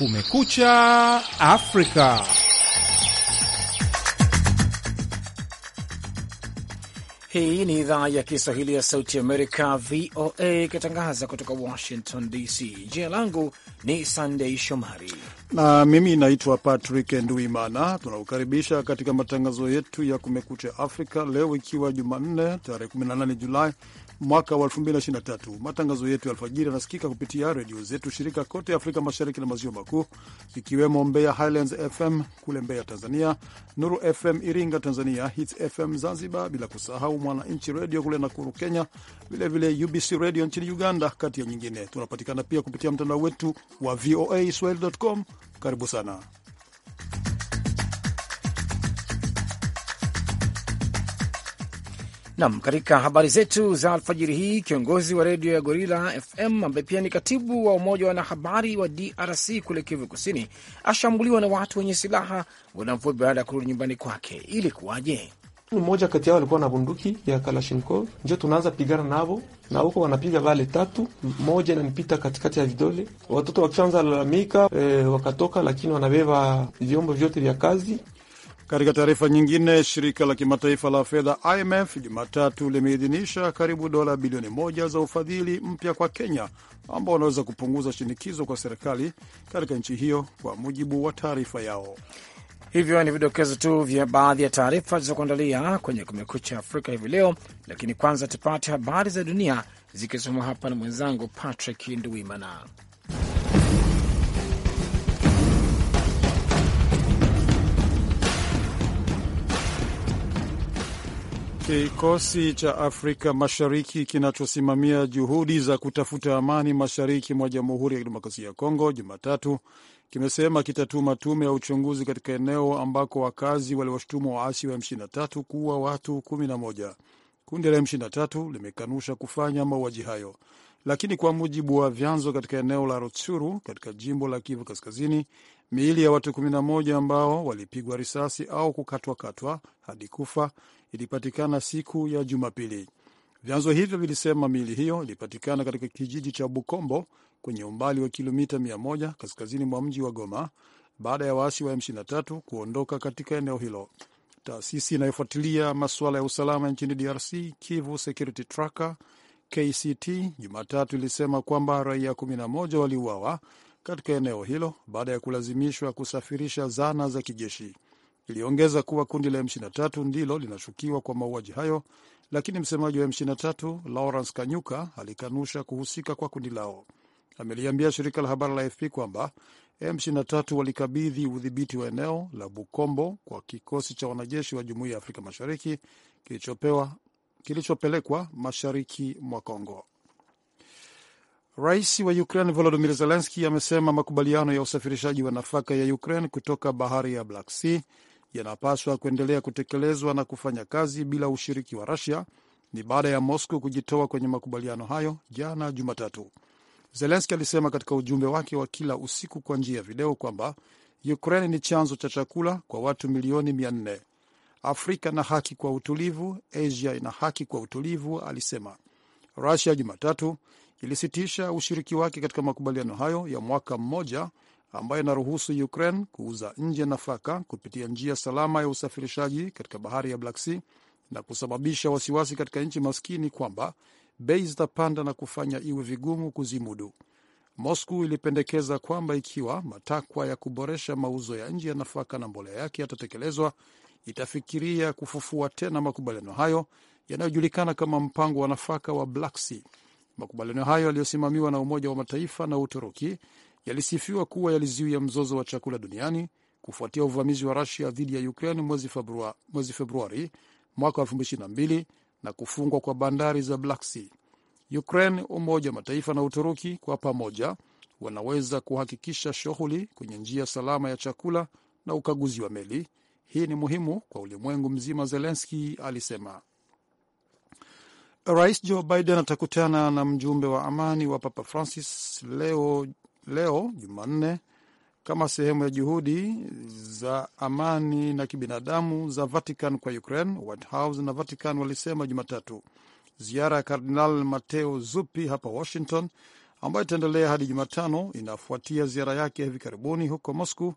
Kumekucha Afrika. Hii ni idhaa ya Kiswahili ya Sauti Amerika, VOA, ikitangaza kutoka Washington DC. Jina langu ni Sandei Shomari na mimi naitwa Patrick Nduimana. Tunakukaribisha katika matangazo yetu ya Kumekucha Afrika leo, ikiwa Jumanne tarehe 18 Julai mwaka wa 2023. Matangazo yetu ya alfajiri yanasikika kupitia redio zetu shirika kote Afrika Mashariki na Maziwa Makuu, ikiwemo Mbeya Highlands FM kule Mbeya Tanzania, Nuru FM Iringa Tanzania, Hits FM Zanzibar, bila kusahau Mwananchi Redio kule Nakuru Kenya, vilevile UBC Redio nchini Uganda, kati ya nyingine. Tunapatikana pia kupitia mtandao wetu wa VOA Swahili.com. Karibu sana. Nam, katika habari zetu za alfajiri hii, kiongozi wa redio ya Gorila FM ambaye pia ni katibu wa umoja wa wanahabari wa DRC kule Kivu Kusini ashambuliwa na watu wenye silaha wanamvua baada ya kurudi nyumbani kwake. Ili kuwaje? Mmoja kati yao alikuwa na bunduki ya Kalashnikov, njo tunaanza pigana navo na huko wanapiga vale tatu, moja inanipita katikati ya vidole. Watoto wakishaanza lalamika, e, wakatoka, lakini wanabeba vyombo vyote vya kazi katika taarifa nyingine, shirika la kimataifa la fedha IMF Jumatatu limeidhinisha karibu dola bilioni moja za ufadhili mpya kwa Kenya ambao wanaweza kupunguza shinikizo kwa serikali katika nchi hiyo, kwa mujibu wa taarifa yao. Hivyo ni vidokezo tu vya baadhi ya taarifa zilizokuandalia kwenye Kumekucha Afrika hivi leo, lakini kwanza tupate habari za dunia zikisomwa hapa na mwenzangu Patrick Nduimana. Kikosi cha Afrika Mashariki kinachosimamia juhudi za kutafuta amani mashariki mwa Jamhuri ya Kidemokrasia ya Kongo Jumatatu kimesema kitatuma tume ya uchunguzi katika eneo ambako wakazi waliwashutumu waasi wa M23 kuwa watu 11. Kundi la M23 limekanusha kufanya mauaji hayo, lakini kwa mujibu wa vyanzo katika eneo la Rutshuru katika jimbo la Kivu Kaskazini, miili ya watu 11 ambao walipigwa risasi au kukatwakatwa hadi kufa ilipatikana siku ya Jumapili. Vyanzo hivyo vilisema miili hiyo ilipatikana katika kijiji cha Bukombo kwenye umbali wa kilomita 100 kaskazini mwa mji wa Goma baada ya waasi wa M23 kuondoka katika eneo hilo. Taasisi inayofuatilia masuala ya usalama nchini DRC, Kivu Security Tracker KCT, Jumatatu ilisema kwamba raia 11 waliuawa katika eneo hilo baada ya kulazimishwa kusafirisha zana za kijeshi. Iliongeza kuwa kundi la M23 ndilo linashukiwa kwa mauaji hayo, lakini msemaji wa M23 Lawrence Kanyuka alikanusha kuhusika kwa kundi lao. Ameliambia shirika la habari la AFP kwamba M23 walikabidhi udhibiti wa eneo la Bukombo kwa kikosi cha wanajeshi wa Jumuiya ya Afrika Mashariki kilichopewa kilichopelekwa mashariki mwa Kongo. Rais wa Ukraine Volodymyr Zelensky amesema makubaliano ya usafirishaji wa nafaka ya Ukraine kutoka bahari ya Black Sea yanapaswa kuendelea kutekelezwa na kufanya kazi bila ushiriki wa Rusia ni baada ya Moscow kujitoa kwenye makubaliano hayo jana Jumatatu. Zelenski alisema katika ujumbe wake wa kila usiku kwa njia ya video kwamba Ukraine ni chanzo cha chakula kwa watu milioni mia nne. Afrika ina haki kwa utulivu, Asia ina haki kwa utulivu, alisema. Rusia Jumatatu ilisitisha ushiriki wake katika makubaliano hayo ya mwaka mmoja ambayo inaruhusu Ukraine kuuza nje nafaka kupitia njia salama ya usafirishaji katika bahari ya Black Sea na kusababisha wasiwasi katika nchi maskini kwamba bei zitapanda na kufanya iwe vigumu kuzimudu. Moscow ilipendekeza kwamba ikiwa matakwa ya kuboresha mauzo ya nje ya nafaka na mbolea yake yatatekelezwa, itafikiria kufufua tena makubaliano hayo yanayojulikana kama mpango wa nafaka wa Black Sea. Makubaliano hayo yaliyosimamiwa na Umoja wa Mataifa na Uturuki yalisifiwa kuwa yalizuia mzozo wa chakula duniani kufuatia uvamizi wa Rusia dhidi ya Ukraine mwezi Februari, mwezi Februari mwaka 2022 na kufungwa kwa bandari za Black Sea. Ukraine, Umoja wa Mataifa na Uturuki kwa pamoja wanaweza kuhakikisha shughuli kwenye njia salama ya chakula na ukaguzi wa meli. Hii ni muhimu kwa ulimwengu mzima, Zelenski alisema. Rais Joe Biden atakutana na mjumbe wa amani wa Papa Francis leo leo Jumanne kama sehemu ya juhudi za amani na kibinadamu za Vatican kwa Ukraine. White House na Vatican walisema Jumatatu ziara ya Kardinal Matteo Zuppi hapa Washington, ambayo itaendelea hadi Jumatano, inafuatia ziara yake hivi karibuni huko Moscow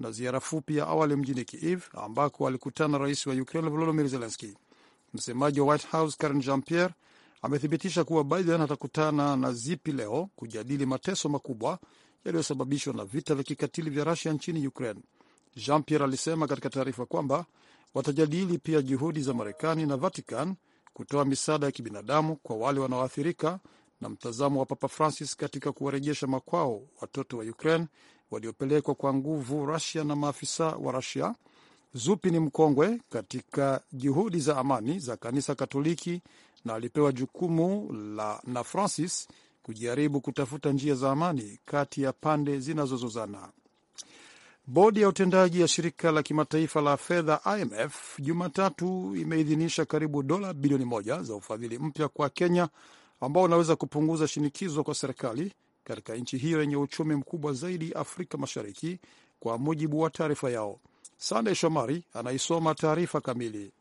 na ziara fupi ya awali mjini Kiev ambako alikutana rais wa Ukraine Volodymyr Zelensky. Msemaji wa White House Karen Jean Pierre amethibitisha kuwa Biden atakutana na Zipi leo kujadili mateso makubwa yaliyosababishwa na vita vya kikatili vya Rusia nchini Ukraine. Jean Pierre alisema katika taarifa kwamba watajadili pia juhudi za Marekani na Vatican kutoa misaada ya kibinadamu kwa wale wanaoathirika na mtazamo wa Papa Francis katika kuwarejesha makwao watoto wa Ukraine waliopelekwa kwa nguvu Rusia na maafisa wa Rusia zupi ni mkongwe katika juhudi za amani za kanisa Katoliki na alipewa jukumu la na Francis kujaribu kutafuta njia za amani kati ya pande zinazozozana. Bodi ya utendaji ya shirika la kimataifa la fedha IMF Jumatatu imeidhinisha karibu dola bilioni moja za ufadhili mpya kwa Kenya ambao unaweza kupunguza shinikizo kwa serikali katika nchi hiyo yenye uchumi mkubwa zaidi Afrika Mashariki, kwa mujibu wa taarifa yao sandey Shomari anaisoma taarifa kamili.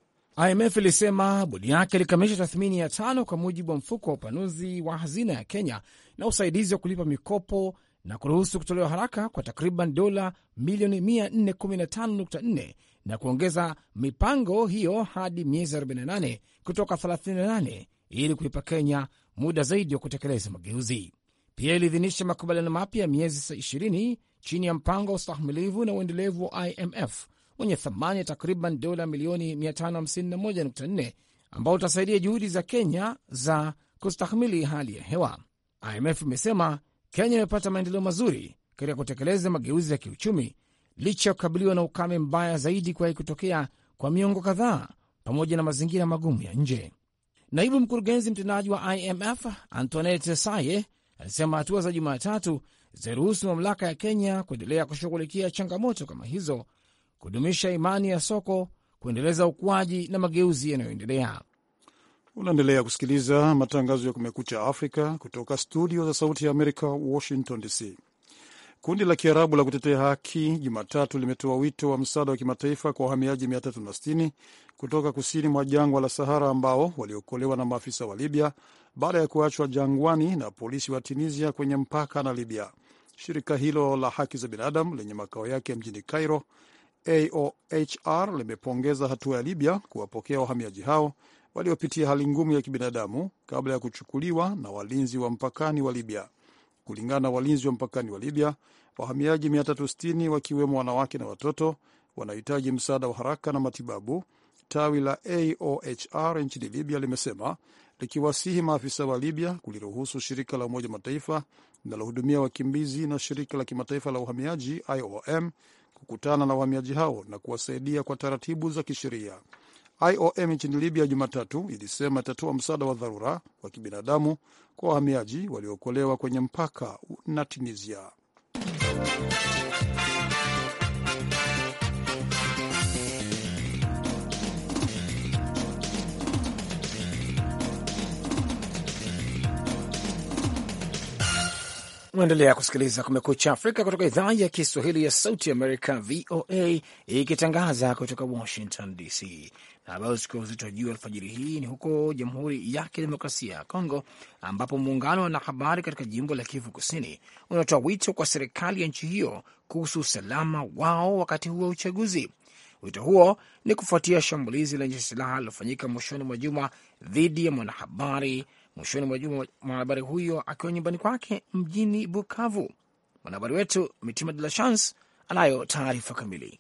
IMF ilisema bodi yake ilikamilisha tathmini ya tano kwa mujibu wa mfuko wa upanuzi wa hazina ya Kenya na usaidizi wa kulipa mikopo na kuruhusu kutolewa haraka kwa takriban dola milioni 415.4 na kuongeza mipango hiyo hadi miezi 48 kutoka 38 ili kuipa Kenya muda zaidi wa kutekeleza mageuzi. Pia iliidhinisha makubaliano mapya ya miezi 20 chini ya mpango wa ustahimilivu na uendelevu wa IMF wenye thamani ya takriban dola milioni 551.4 ambao utasaidia juhudi za Kenya za kustahimili hali ya hewa. IMF imesema Kenya imepata maendeleo mazuri katika kutekeleza mageuzi ya kiuchumi licha ya kukabiliwa na ukame mbaya zaidi kuwahi kutokea kwa miongo kadhaa pamoja na mazingira magumu ya nje. Naibu mkurugenzi mtendaji wa IMF Antoinette Saye alisema hatua za Jumatatu zitaruhusu mamlaka ya Kenya kuendelea kushughulikia changamoto kama hizo, kudumisha imani ya soko, kuendeleza ukuaji na mageuzi yanayoendelea. Unaendelea kusikiliza matangazo ya Kumekucha Afrika kutoka studio za Sauti ya Amerika, Washington DC. Kundi la Kiarabu la kutetea haki Jumatatu limetoa wito wa msaada wa kimataifa kwa wahamiaji 360 kutoka kusini mwa jangwa la Sahara ambao waliokolewa na maafisa wa Libya baada ya kuachwa jangwani na polisi wa Tunisia kwenye mpaka na Libya. Shirika hilo la haki za binadamu lenye makao yake mjini Cairo, AOHR, limepongeza hatua ya Libya kuwapokea wahamiaji hao waliopitia hali ngumu ya kibinadamu kabla ya kuchukuliwa na walinzi wa mpakani wa Libya. Kulingana na walinzi wa mpakani wa Libya, wahamiaji 360 wakiwemo wanawake na watoto wanahitaji msaada wa haraka na matibabu Tawi la AOHR nchini Libya limesema likiwasihi maafisa wa Libya kuliruhusu shirika la Umoja Mataifa linalohudumia wakimbizi na shirika la kimataifa la uhamiaji IOM kukutana na wahamiaji hao na kuwasaidia kwa taratibu za kisheria. IOM nchini Libya Jumatatu ilisema itatoa msaada wa dharura wa kibinadamu kwa wahamiaji waliookolewa kwenye mpaka na Tunisia. Unaendelea kusikiliza Kumekucha Afrika kutoka idhaa ya Kiswahili ya Sauti Amerika, VOA, ikitangaza kutoka Washington DC. Na habari zikiwa uzito juu alfajiri hii ni huko Jamhuri ya Kidemokrasia ya Kongo, ambapo muungano wa wanahabari katika jimbo la Kivu Kusini unatoa wito kwa serikali ya nchi hiyo kuhusu usalama wao wakati huo wa uchaguzi. Wito huo ni kufuatia shambulizi lenye silaha lilofanyika mwishoni mwa juma dhidi ya mwanahabari mwishoni mwa juma. Mwanahabari huyo akiwa nyumbani kwake mjini Bukavu. Mwanahabari wetu Mitima De La Chance anayo taarifa kamili.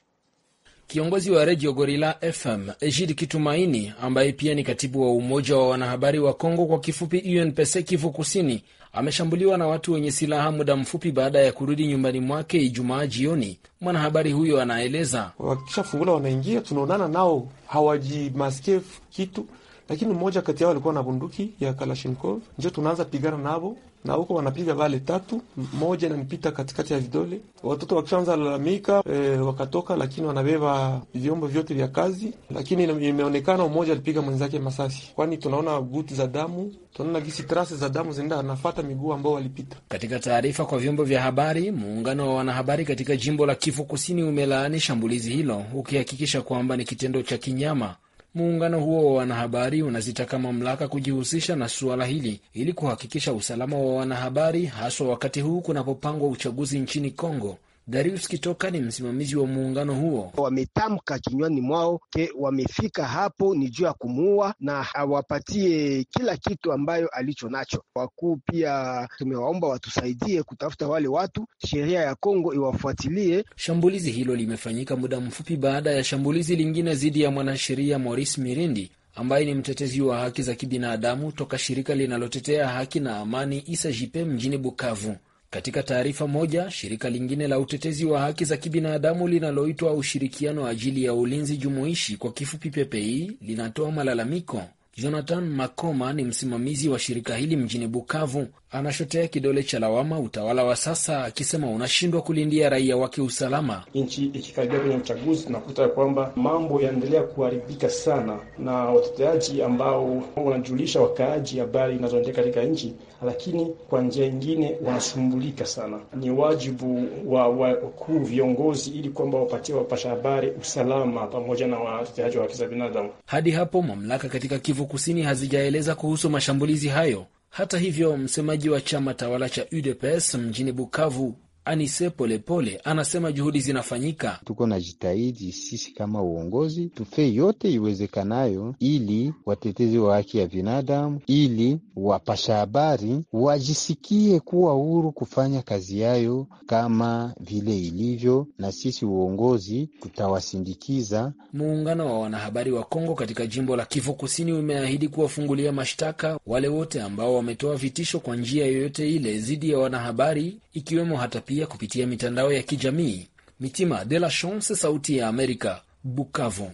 Kiongozi wa redio Gorila FM Egid Kitumaini, ambaye pia ni katibu wa Umoja wa Wanahabari wa Kongo, kwa kifupi UNPC, Kivu Kusini, ameshambuliwa na watu wenye silaha muda mfupi baada ya kurudi nyumbani mwake Ijumaa jioni. Mwanahabari huyo anaeleza, wakishafungula fungula wanaingia, tunaonana nao, hawajimaskefu kitu lakini mmoja kati yao alikuwa na bunduki ya Kalashnikov. Njo tunaanza pigana navo na huko wanapiga vale tatu, moja inanipita katikati ya vidole. Watoto wakishaanza lalamika e, wakatoka, lakini wanabeba vyombo vyote vya kazi. Lakini imeonekana mmoja alipiga mwenzake masasi, kwani tunaona guti za damu, tunaona gisi trasi za damu zinaenda anafata miguu ambao walipita. Katika taarifa kwa vyombo vya habari, muungano wa wanahabari katika jimbo la Kivu Kusini umelaani shambulizi hilo ukihakikisha kwamba ni kitendo cha kinyama Muungano huo wa wanahabari unazitaka mamlaka kujihusisha na suala hili ili kuhakikisha usalama wa wanahabari, haswa wakati huu kunapopangwa uchaguzi nchini Kongo Darius Kitoka ni msimamizi wa muungano huo. Wametamka kinywani mwao ke wamefika hapo ni juu ya kumuua na hawapatie kila kitu ambayo alicho nacho. Wakuu pia tumewaomba watusaidie kutafuta wale watu, sheria ya Kongo iwafuatilie. Shambulizi hilo limefanyika muda mfupi baada ya shambulizi lingine dhidi ya mwanasheria Maurice Mirindi ambaye ni mtetezi wa haki za kibinadamu toka shirika linalotetea haki na amani ISAJP mjini Bukavu. Katika taarifa moja, shirika lingine la utetezi wa haki za kibinadamu linaloitwa Ushirikiano Ajili ya Ulinzi Jumuishi kwa kifupi PPI linatoa malalamiko. Jonathan Makoma ni msimamizi wa shirika hili mjini Bukavu anashotea kidole cha lawama utawala wa sasa, akisema unashindwa kulindia raia wake usalama. Nchi ikikaribia kwenye uchaguzi, tunakuta kwamba mambo yanaendelea kuharibika sana, na wateteaji ambao wanajulisha wakaaji habari inazoendelea katika nchi, lakini kwa njia ingine wanasumbulika sana. Ni wajibu wa wakuu viongozi, ili kwamba wapatie wapasha habari usalama pamoja na wateteaji wa haki za binadamu. Hadi hapo mamlaka katika Kivu Kusini hazijaeleza kuhusu mashambulizi hayo. Hata hivyo, msemaji wa chama tawala cha UDPS mjini Bukavu Anise Polepole anasema juhudi zinafanyika. Tuko na jitahidi sisi kama uongozi tufe yote iwezekanayo, ili watetezi wa haki ya binadamu, ili wapasha habari wajisikie kuwa huru kufanya kazi yayo kama vile ilivyo, na sisi uongozi tutawasindikiza. Muungano wa wanahabari wa Kongo katika jimbo la Kivu Kusini umeahidi kuwafungulia mashtaka wale wote ambao wametoa vitisho kwa njia yoyote ile dhidi ya wanahabari, ikiwemo hata pia kupitia mitandao ya kijamii. Mitima de la Chance, Sauti ya Amerika, Bukavu.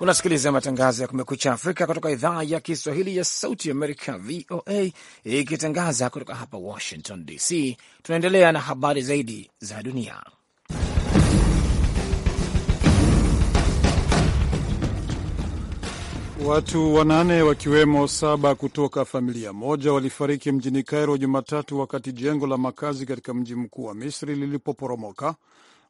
Unasikiliza matangazo ya Kumekucha Afrika kutoka idhaa ya Kiswahili ya Sauti Amerika, VOA, ikitangaza kutoka hapa Washington DC. Tunaendelea na habari zaidi za dunia. Watu wanane wakiwemo saba kutoka familia moja walifariki mjini Cairo Jumatatu wakati jengo la makazi katika mji mkuu wa Misri lilipoporomoka,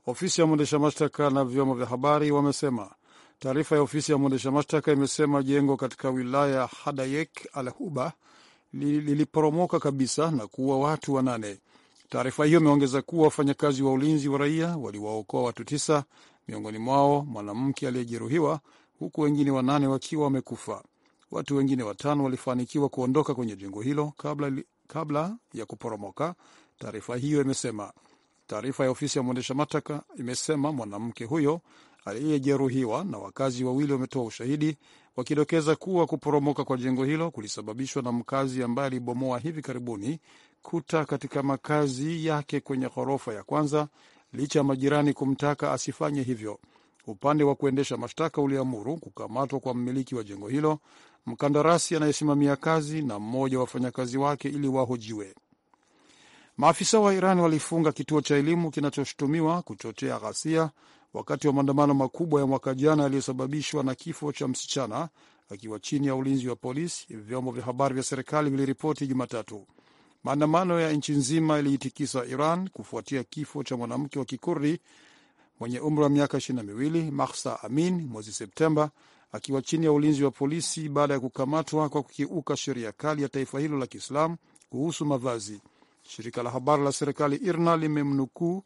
ofisi ya mwendesha mashtaka na vyombo vya habari wamesema. Taarifa ya ofisi ya mwendesha mashtaka imesema jengo katika wilaya Hadayek al Huba liliporomoka kabisa na kuua watu wanane. Taarifa hiyo imeongeza kuwa wafanyakazi wa ulinzi wa raia waliwaokoa watu tisa, miongoni mwao mwanamke aliyejeruhiwa huku wengine wanane wakiwa wamekufa. Watu wengine watano walifanikiwa kuondoka kwenye jengo hilo kabla, kabla ya kuporomoka, taarifa hiyo imesema. Taarifa ya ofisi ya mwendesha mashtaka imesema mwanamke huyo aliyejeruhiwa na wakazi wawili wametoa ushahidi wakidokeza kuwa kuporomoka kwa jengo hilo kulisababishwa na mkazi ambaye alibomoa hivi karibuni kuta katika makazi yake kwenye ghorofa ya kwanza licha ya majirani kumtaka asifanye hivyo. Upande wa kuendesha mashtaka uliamuru kukamatwa kwa mmiliki wa jengo hilo, mkandarasi anayesimamia kazi na mmoja wa wafanyakazi wake ili wahojiwe. Maafisa wa Iran walifunga kituo cha elimu kinachoshutumiwa kuchochea ghasia wakati wa maandamano makubwa ya mwaka jana yaliyosababishwa na kifo cha msichana akiwa chini ya ulinzi wa polisi, vyombo vya habari vya serikali viliripoti Jumatatu. Maandamano ya nchi nzima yaliitikisa Iran kufuatia kifo cha mwanamke wa Kikurdi mwenye umri wa miaka ishirini na miwili Mahsa Amin mwezi Septemba akiwa chini ya ulinzi wa polisi baada ya kukamatwa kwa kukiuka sheria kali ya taifa hilo la Kiislamu kuhusu mavazi. Shirika la habari la serikali IRNA limemnukuu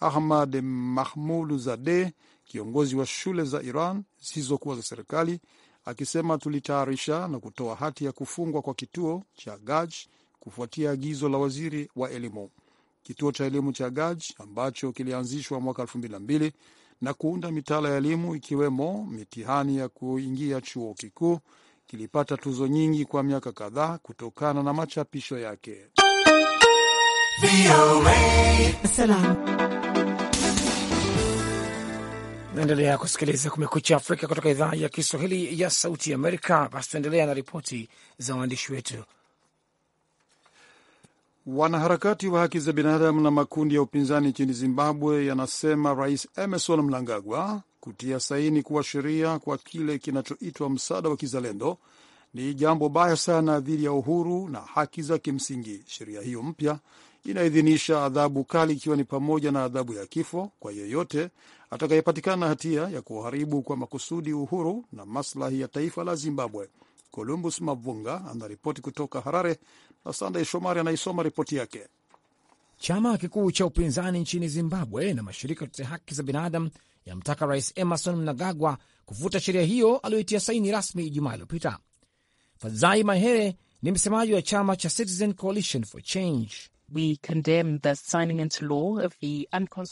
Ahmad Mahmud zade kiongozi wa shule za Iran zisizokuwa za serikali, akisema tulitayarisha na kutoa hati ya kufungwa kwa kituo cha Gaj kufuatia agizo la waziri wa elimu. Kituo cha elimu cha Gaj ambacho kilianzishwa mwaka mbili na kuunda mitaala ya elimu ikiwemo mitihani ya kuingia chuo kikuu kilipata tuzo nyingi kwa miaka kadhaa kutokana na machapisho yake. Naendelea kusikiliza Kumekucha Afrika kutoka idhaa ya Kiswahili ya Sauti Amerika. Basi tuendelea na ripoti za waandishi wetu. Wanaharakati wa haki za binadamu na makundi ya upinzani nchini Zimbabwe yanasema Rais Emerson Mnangagwa kutia saini kuwa sheria kwa kile kinachoitwa msaada wa kizalendo ni jambo baya sana dhidi ya uhuru na haki za kimsingi. Sheria hiyo mpya inaidhinisha adhabu kali, ikiwa ni pamoja na adhabu ya kifo kwa yeyote atakayepatikana hatia ya kuharibu kwa makusudi uhuru na maslahi ya taifa la Zimbabwe. Columbus Mavunga anaripoti kutoka Harare na Sandey Shomari anaisoma ripoti yake. Chama kikuu cha upinzani nchini Zimbabwe na mashirika kutetea haki za binadamu yamtaka Rais Emerson Mnangagwa kufuta sheria hiyo aliyoitia saini rasmi Ijumaa iliyopita. Fadzai Mahere ni msemaji wa chama cha Citizen Coalition for Change.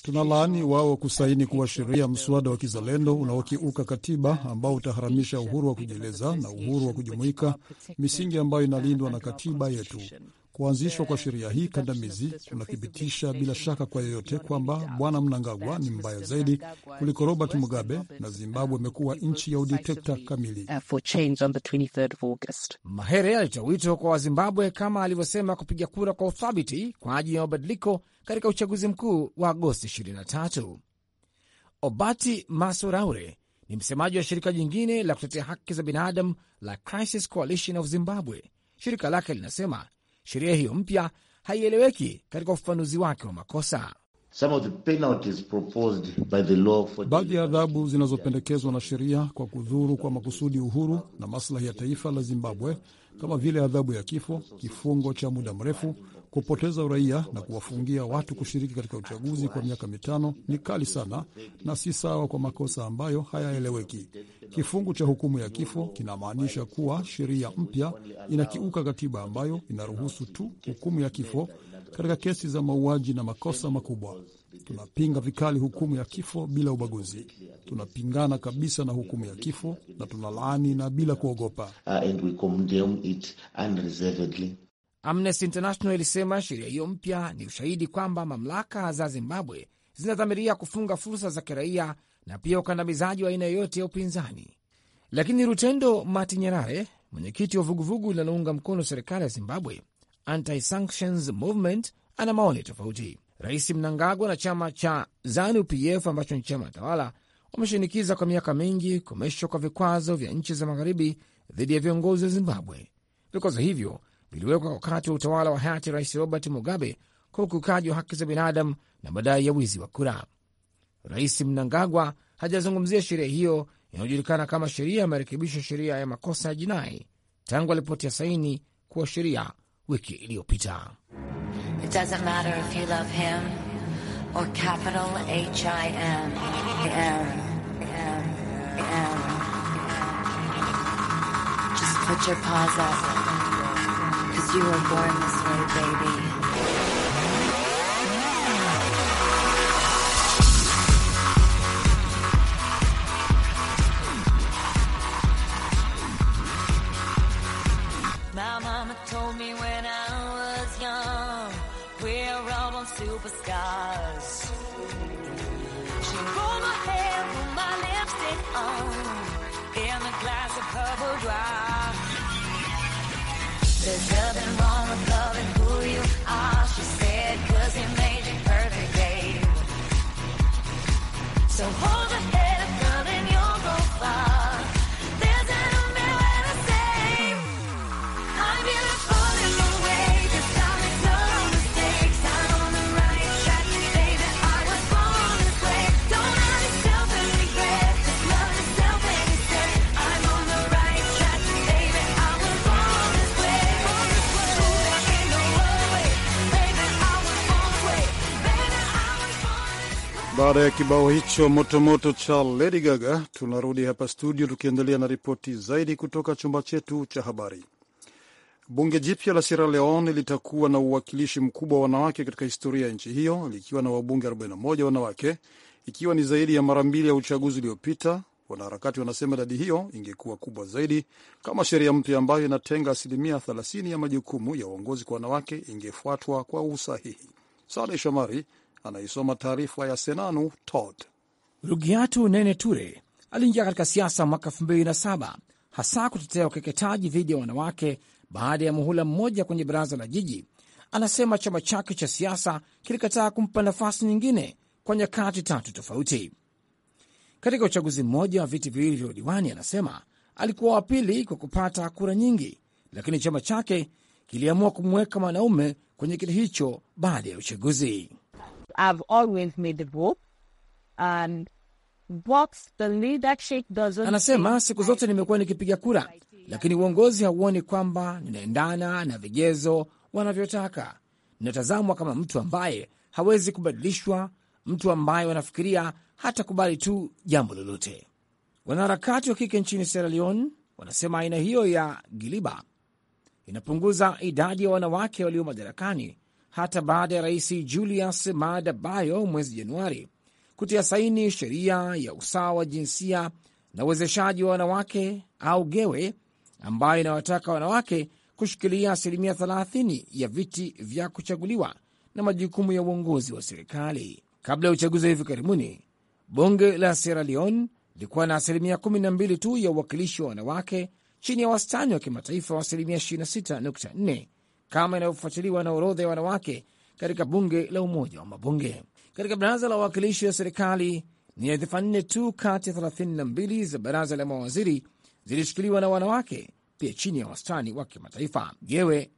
Tunalaani wao kusaini kuwa sheria mswada wa kizalendo unaokiuka katiba ambao utaharamisha uhuru wa kujieleza na uhuru wa kujumuika, misingi ambayo inalindwa na katiba yetu. Kuanzishwa kwa sheria hii kandamizi kunathibitisha bila shaka kwa yoyote kwamba Bwana Mnangagwa ni mbaya zaidi kuliko Robert Mugabe na Zimbabwe imekuwa nchi ya uditekta kamili. Uh, Mahere alitoa wito kwa Wazimbabwe, kama alivyosema, kupiga kura kwa uthabiti kwa ajili ya mabadiliko katika uchaguzi mkuu wa Agosti 23. Obati Masuraure ni msemaji wa shirika jingine la kutetea haki za binadamu la Crisis Coalition of Zimbabwe. Shirika lake linasema sheria hiyo mpya haieleweki katika ufafanuzi wake wa makosa. Baadhi ya adhabu zinazopendekezwa na sheria kwa kudhuru kwa makusudi uhuru na maslahi ya taifa la Zimbabwe, kama vile adhabu ya kifo, kifungo cha muda mrefu, Kupoteza uraia na kuwafungia watu kushiriki katika uchaguzi kwa miaka mitano ni kali sana na si sawa kwa makosa ambayo hayaeleweki. Kifungu cha hukumu ya kifo kinamaanisha kuwa sheria mpya inakiuka katiba ambayo inaruhusu tu hukumu ya kifo katika kesi za mauaji na makosa makubwa. Tunapinga vikali hukumu ya kifo bila ubaguzi. Tunapingana kabisa na hukumu ya kifo na tunalaani na bila kuogopa. Uh, Amnesty International ilisema sheria hiyo mpya ni ushahidi kwamba mamlaka za Zimbabwe zinadhamiria kufunga fursa za kiraia na pia ukandamizaji wa aina yoyote ya upinzani. Lakini Rutendo nyerare mwenyekiti wa vuguvugu linalounga mkono serikali ya Zimbabwe, Anti-Sanctions Movement, ana maoni tofauti. Rais Mnangagwa na chama cha ZANU-PF ambacho ni chama tawala wameshinikiza kwa miaka mingi komeshwa kwa vikwazo vya nchi za magharibi dhidi ya viongozi wa Zimbabwe. Vikwazo hivyo viliwekwa wakati wa utawala wa hayati Rais Robert Mugabe kwa ukiukaji wa haki za binadamu na madai ya wizi wa kura. Rais Mnangagwa hajazungumzia sheria hiyo inayojulikana kama sheria ya marekebisho sheria ya makosa ya jinai tangu alipotia saini kuwa sheria wiki iliyopita. because you were born this way, baby. My mama told me when I was young, we're all on superstars. She rolled my hair, put my lipstick on, in a glass of purple dry. There's other Baada ya kibao hicho motomoto cha Lady Gaga, tunarudi hapa studio tukiendelea na ripoti zaidi kutoka chumba chetu cha habari. Bunge jipya la Sierra Leone litakuwa na uwakilishi mkubwa wa wanawake katika historia ya nchi hiyo likiwa na wabunge 41 wanawake, ikiwa ni zaidi ya mara mbili ya uchaguzi uliopita. Wanaharakati wanasema idadi hiyo ingekuwa kubwa zaidi kama sheria mpya ambayo inatenga asilimia 30 ya majukumu ya uongozi kwa wanawake ingefuatwa kwa usahihi. Sade Shomari anaisoma taarifa ya Senanu Todd. Rugiatu Nene Ture aliingia katika siasa mwaka 2007 hasa kutetea ukeketaji dhidi ya wanawake baada ya muhula mmoja kwenye baraza la jiji. Anasema chama chake cha siasa kilikataa kumpa nafasi nyingine kwa nyakati tatu tofauti. Katika uchaguzi mmoja wa viti viwili vya udiwani, anasema alikuwa wa pili kwa kupata kura nyingi, lakini chama chake kiliamua kumweka mwanaume kwenye kiti hicho baada ya uchaguzi. I've always made it work and what the leadership doesn't. Anasema siku zote nimekuwa nikipiga kura, lakini uongozi hauoni kwamba ninaendana na vigezo wanavyotaka. Ninatazamwa kama mtu ambaye hawezi kubadilishwa, mtu ambaye wanafikiria hata kubali tu jambo lolote. Wanaharakati wa kike nchini Sierra Leone wanasema aina hiyo ya giliba inapunguza idadi ya wanawake walio madarakani hata baada ya Rais Julius Maada Bio mwezi Januari kutia saini sheria ya usawa wa jinsia na uwezeshaji wa wanawake au GEWE ambayo inawataka wanawake kushikilia asilimia 30 ya viti vya kuchaguliwa na majukumu ya uongozi wa serikali. Kabla ya uchaguzi wa hivi karibuni, bunge la Sierra Leone lilikuwa na asilimia 12 tu ya uwakilishi wa wanawake chini ya wastani wa kimataifa wa asilimia 26.4 kama inavyofuatiliwa na orodha ya wanawake katika bunge la umoja wa mabunge. Katika baraza la wawakilishi wa serikali ni nyadhifa nne tu kati ya 32 za baraza la mawaziri zilishikiliwa na wanawake, pia chini ya wastani wa kimataifa. Gewe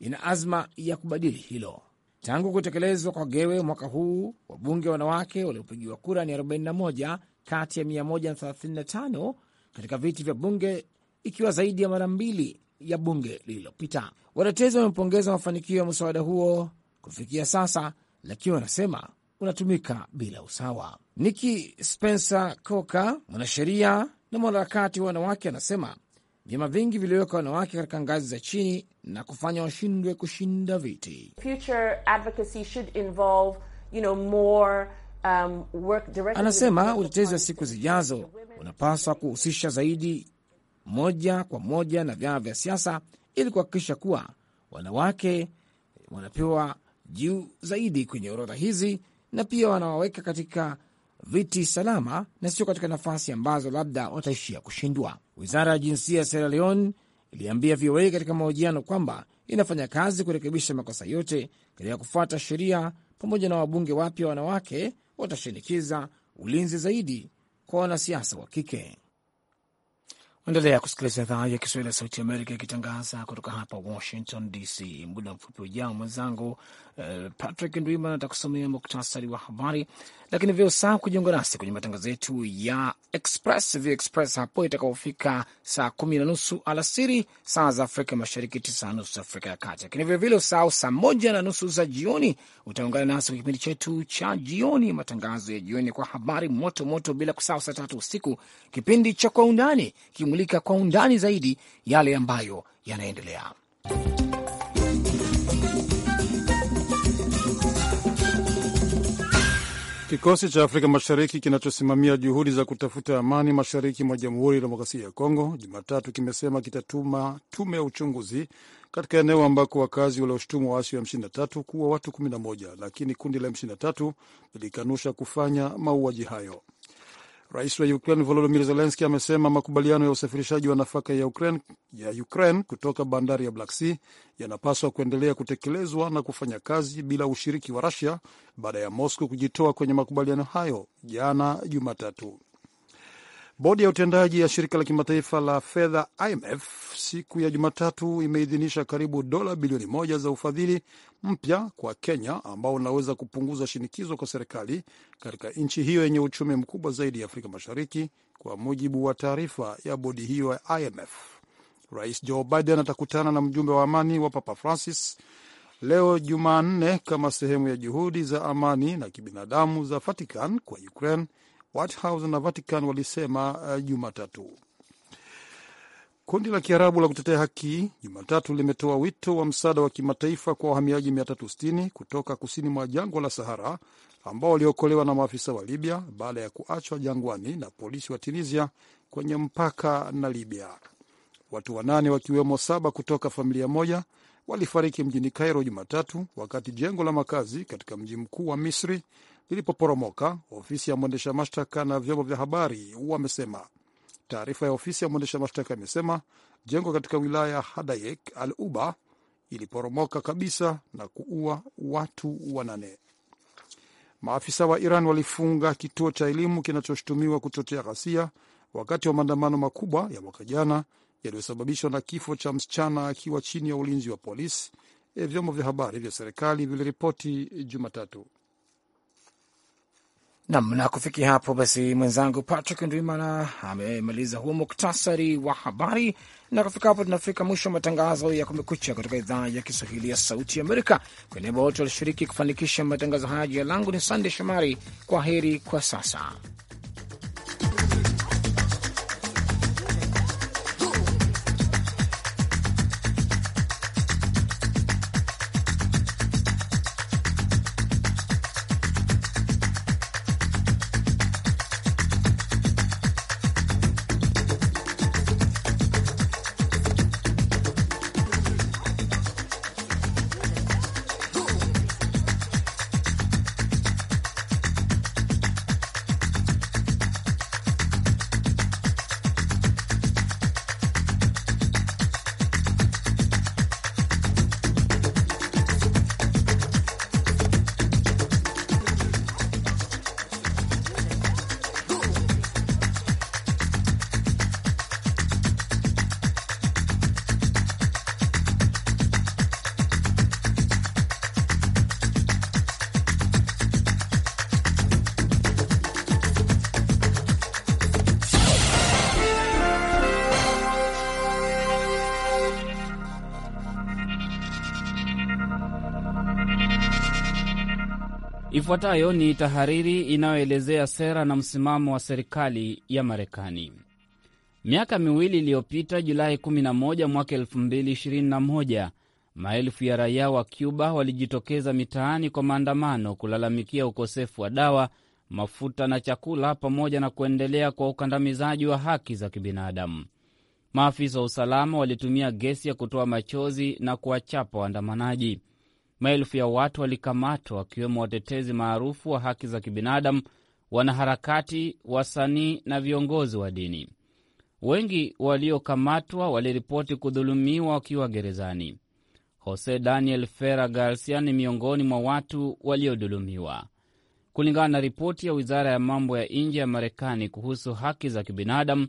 ina azma ya kubadili hilo. Tangu kutekelezwa kwa Gewe mwaka huu, wabunge wanawake waliopigiwa kura ni 41 kati ya 135 katika viti vya bunge, ikiwa zaidi ya mara mbili ya bunge lililopita. Watetezi wamepongeza mafanikio ya mswada huo kufikia sasa, lakini wanasema unatumika bila usawa. Nikki Spencer Coker, mwanasheria na mwanaharakati wa wanawake, anasema vyama vingi viliweka wanawake katika ngazi za chini na kufanya washindwe kushinda viti. You know, more, um, work anasema utetezi wa siku zijazo unapaswa kuhusisha zaidi moja kwa moja na vyama vya siasa ili kuhakikisha kuwa wanawake wanapewa juu zaidi kwenye orodha hizi, na pia wanawaweka katika viti salama na sio katika nafasi ambazo labda wataishia kushindwa. Wizara ya jinsia ya Sierra Leone iliambia VOA katika mahojiano kwamba inafanya kazi kurekebisha makosa yote katika kufuata sheria, pamoja na wabunge wapya wanawake watashinikiza ulinzi zaidi kwa wanasiasa wa kike. Endelea kusikiliza idhaa ya Kiswahili ya Sauti Amerika ikitangaza kutoka hapa Washington DC. Muda mfupi ujao mwenzangu eh, Patrick Ndwimana atakusomea muktasari wa habari, lakini vile saa kujiunga nasi kwenye matangazo yetu ya Express via Express hapo itakapofika saa kumi na nusu alasiri saa za Afrika Mashariki, tisa na nusu Afrika ya Kati, lakini vilevile usahau saa moja na nusu za jioni utaungana nasi kwa kipindi chetu cha jioni, matangazo ya jioni kwa habari moto moto, bila kusahau saa tatu usiku kipindi cha Kwa Undani Kim kumulika kwa undani zaidi yale ambayo yanaendelea. Kikosi cha Afrika Mashariki kinachosimamia juhudi za kutafuta amani mashariki mwa Jamhuri ya Demokrasia ya Kongo Jumatatu kimesema kitatuma tume ya uchunguzi katika eneo ambako wakazi walioshutumu waasi wa M23 kuwa watu 11, lakini kundi la M23 lilikanusha kufanya mauaji hayo. Rais wa Ukraine Volodymyr Zelensky amesema makubaliano ya usafirishaji wa nafaka ya Ukraine, ya Ukraine kutoka bandari ya Black Sea yanapaswa kuendelea kutekelezwa na kufanya kazi bila ushiriki wa Russia baada ya Moscow kujitoa kwenye makubaliano hayo jana Jumatatu. Bodi ya utendaji ya shirika la kimataifa la fedha IMF siku ya Jumatatu imeidhinisha karibu dola bilioni moja za ufadhili mpya kwa Kenya ambao unaweza kupunguza shinikizo kwa serikali katika nchi hiyo yenye uchumi mkubwa zaidi ya Afrika Mashariki, kwa mujibu wa taarifa ya bodi hiyo ya IMF. Rais Joe Biden atakutana na mjumbe wa amani wa Papa Francis leo Jumanne kama sehemu ya juhudi za amani na kibinadamu za Vatican kwa Ukraine White House na Vatican walisema uh, Jumatatu. Kundi la Kiarabu la kutetea haki Jumatatu limetoa wito wa msaada wa kimataifa kwa wahamiaji 360 kutoka kusini mwa jangwa la Sahara ambao waliokolewa na maafisa wa Libya baada ya kuachwa jangwani na polisi wa Tunisia kwenye mpaka na Libya. Watu wanane wakiwemo saba kutoka familia moja walifariki mjini Cairo Jumatatu wakati jengo la makazi katika mji mkuu wa Misri lilipoporomoka, ofisi ya mwendesha mashtaka na vyombo vya habari wamesema. Taarifa ya ofisi ya mwendesha mashtaka imesema jengo katika wilaya Hadayek al Uba iliporomoka kabisa na kuua watu wanane. Maafisa wa Iran walifunga kituo cha elimu kinachoshutumiwa kuchochea ghasia wakati wa maandamano makubwa ya mwaka jana yaliyosababishwa na kifo cha msichana akiwa chini ya ulinzi wa polisi, e, vyombo vya habari vya serikali viliripoti Jumatatu. Nam na kufikia hapo basi, mwenzangu Patrick Ndwimana amemaliza huo muktasari wa habari, na kufika hapo tunafika mwisho wa matangazo ya Kumekucha kutoka idhaa ya Kiswahili ya Sauti Amerika. Kwa niaba wote walishiriki kufanikisha matangazo haya, jina langu ni sandey Shomari. Kwa heri kwa sasa. Ifuatayo ni tahariri inayoelezea sera na msimamo wa serikali ya Marekani. Miaka miwili iliyopita, Julai 11 mwaka 2021, maelfu ya raia wa Cuba walijitokeza mitaani kwa maandamano kulalamikia ukosefu wa dawa, mafuta na chakula, pamoja na kuendelea kwa ukandamizaji wa haki za kibinadamu. Maafisa wa usalama walitumia gesi ya kutoa machozi na kuwachapa waandamanaji. Maelfu ya watu walikamatwa, wakiwemo watetezi maarufu wa haki za kibinadamu, wanaharakati, wasanii na viongozi wa dini. Wengi waliokamatwa waliripoti kudhulumiwa wakiwa gerezani. Jose Daniel Fera Garcia ni miongoni mwa watu waliodhulumiwa. Kulingana na ripoti ya wizara ya mambo ya nje ya Marekani kuhusu haki za kibinadamu,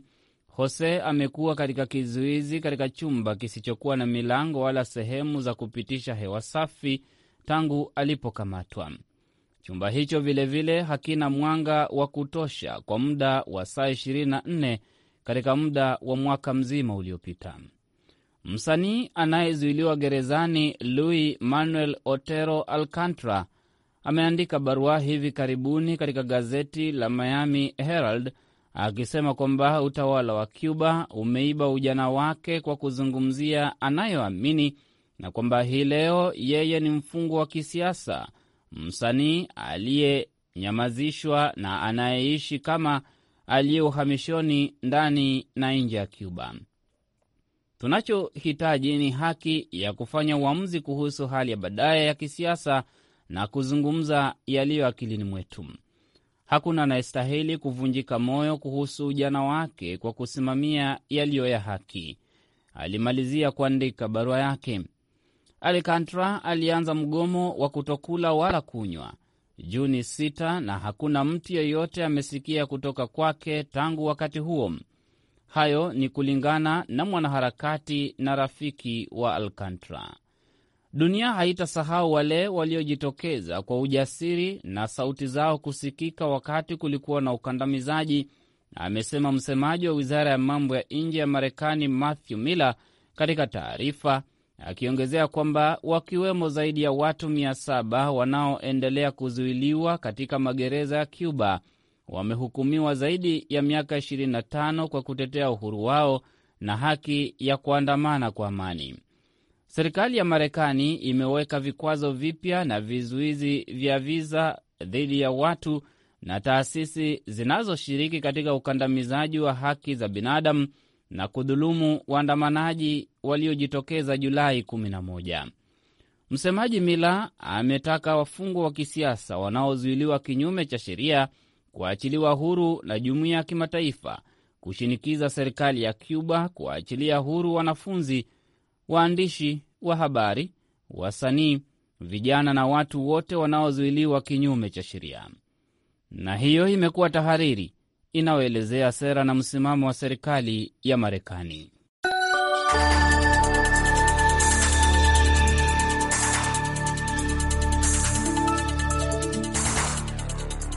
Jose amekuwa katika kizuizi katika chumba kisichokuwa na milango wala sehemu za kupitisha hewa safi tangu alipokamatwa. Chumba hicho vilevile vile hakina mwanga wa kutosha kwa muda wa saa 24 katika muda wa mwaka mzima uliopita. Msanii anayezuiliwa gerezani Luis Manuel Otero Alcantara ameandika barua hivi karibuni katika gazeti la Miami Herald akisema kwamba utawala wa Cuba umeiba ujana wake kwa kuzungumzia anayoamini na kwamba hii leo yeye ni mfungwa wa kisiasa, msanii aliyenyamazishwa na anayeishi kama aliye uhamishoni ndani na nje ya Cuba. Tunachohitaji ni haki ya kufanya uamuzi kuhusu hali ya baadaye ya kisiasa na kuzungumza yaliyo akilini mwetu. Hakuna anayestahili kuvunjika moyo kuhusu ujana wake kwa kusimamia yaliyo ya haki, alimalizia kuandika barua yake. Alcantara alianza mgomo wa kutokula wala kunywa Juni 6 na hakuna mtu yeyote amesikia kutoka kwake tangu wakati huo. Hayo ni kulingana na mwanaharakati na rafiki wa Alcantara. Dunia haitasahau wale waliojitokeza kwa ujasiri na sauti zao kusikika wakati kulikuwa na ukandamizaji, amesema msemaji wa wizara ya mambo ya nje ya Marekani Matthew Miller katika taarifa, akiongezea kwamba wakiwemo zaidi ya watu 700 wanaoendelea kuzuiliwa katika magereza ya Cuba wamehukumiwa zaidi ya miaka 25 kwa kutetea uhuru wao na haki ya kuandamana kwa amani. Serikali ya Marekani imeweka vikwazo vipya na vizuizi vya viza dhidi ya watu na taasisi zinazoshiriki katika ukandamizaji wa haki za binadamu na kudhulumu waandamanaji waliojitokeza Julai 11. Msemaji Mila ametaka wafungwa wa kisiasa wanaozuiliwa kinyume cha sheria kuachiliwa huru na jumuiya ya kimataifa kushinikiza serikali ya Cuba kuachilia huru wanafunzi waandishi wa habari, wasanii, vijana na watu wote wanaozuiliwa kinyume cha sheria. Na hiyo imekuwa tahariri inayoelezea sera na msimamo wa serikali ya Marekani.